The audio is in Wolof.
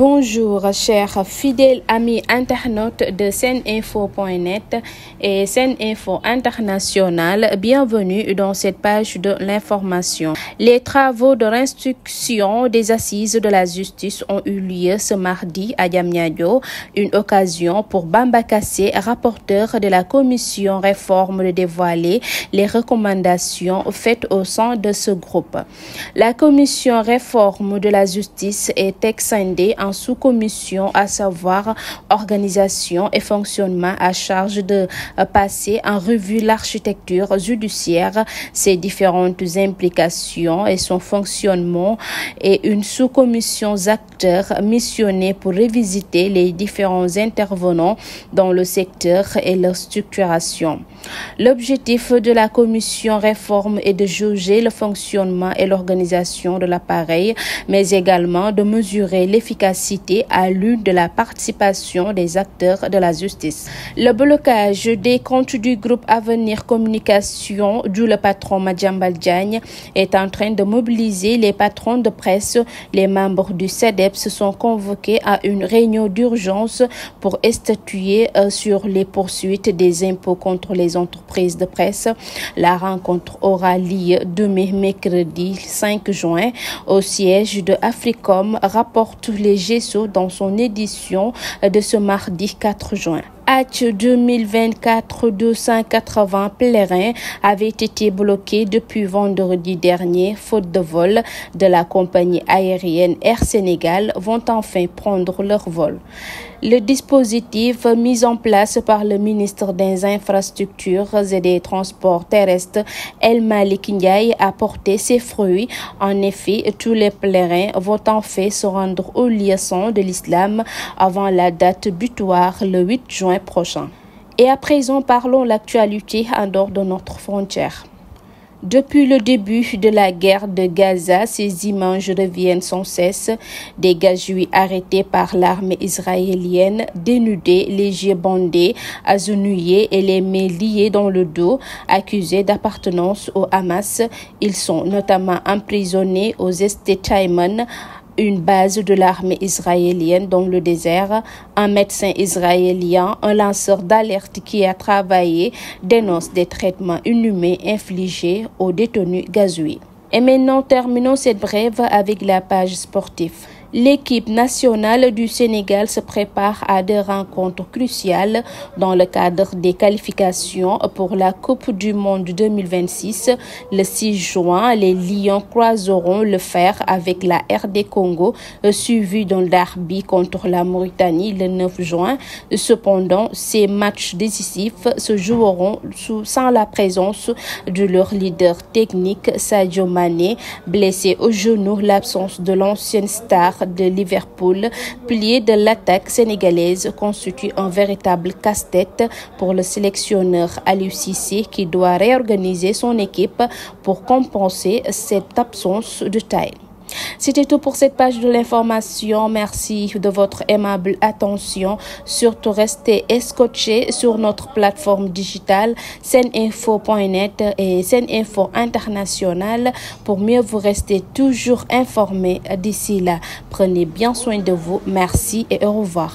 Bonjour chers fidèles amis internautes de seninfo.net et Seninfo International, bienvenue dans cette page de l'information. Les travaux de l'instruction des assises de la justice ont eu lieu ce mardi à Diamniadio, une occasion pour Bamba Kassé, de la commission réforme, de dévoiler les recommandations faites au sein de ce groupe. La commission réforme de la justice est scindée en sous-commission, à savoir organisation et fonctionnement à charge de euh, passer en revue l'architecture judiciaire, ses différentes implications et son fonctionnement et une sous-commission acteurs missionnés pour revisiter les différents intervenants dans le secteur et leur structuration. L'objectif de la commission réforme est de juger le fonctionnement et l'organisation de l'appareil, mais également de mesurer incité à l'une de la participation des acteurs de la justice. Le blocage des comptes du groupe Avenir Communication, d'où le patron Madjambal Diagne, est en train de mobiliser les patrons de presse. Les membres du CEDEPS sont convoqués à une réunion d'urgence pour statuer euh, sur les poursuites des impôts contre les entreprises de presse. La rencontre aura lieu demain mercredi 5 juin au siège de rapporte Gesso dans son édition euh, de ce mardi 4 juin. Hatch 2024 280 pèlerins avaient été bloqués depuis vendredi dernier, faute de vol de la compagnie aérienne Air Sénégal vont enfin prendre leur vol. Le dispositif mis en place par le ministre des Infrastructures et des Transports terrestres, El Malick Ndiaye, a porté ses fruits. En effet, tous les pèlerins vont en fait se rendre au liaison de l'islam avant la date butoir le juin prochain. Et à présent, parlons l'actualité en dehors de notre frontière. Depuis le début de la guerre de Gaza, ces images reviennent sans cesse. Des gazuis arrêtés par l'armée israélienne, dénudés, les yeux bandés, agenouillés et les mains liées dans le dos, accusés d'appartenance au Hamas. Ils sont notamment emprisonnés aux Estes une base de l'armée israélienne dans le désert. Un médecin israélien, un lanceur d'alerte qui a travaillé, dénonce des traitements inhumains infligés aux détenus gazouis. Et maintenant, terminons cette brève avec la page sportive. L'équipe nationale du Sénégal se prépare à des rencontres cruciales dans le cadre des qualifications pour la Coupe du Monde 2026. Le 6 juin, les Lions croiseront le fer avec la RD Congo, suivi d'un derby contre la Mauritanie le 9 juin. Cependant, ces matchs décisifs se joueront sous, sans la présence de leur leader technique Sadio Mané, blessé au genou, l'absence de l'ancienne star centre de Liverpool, plié de l'attaque sénégalaise, constitue un véritable casse-tête pour le sélectionneur Aliou Cissé qui doit réorganiser son équipe pour compenser cette absence de taille. C'était tout pour cette page de l'information. Merci de votre aimable attention. Surtout restez escotchés sur notre plateforme digitale seninfo.net et seninfo international pour mieux vous rester toujours informés. D'ici là, prenez bien soin de vous. Merci et au revoir.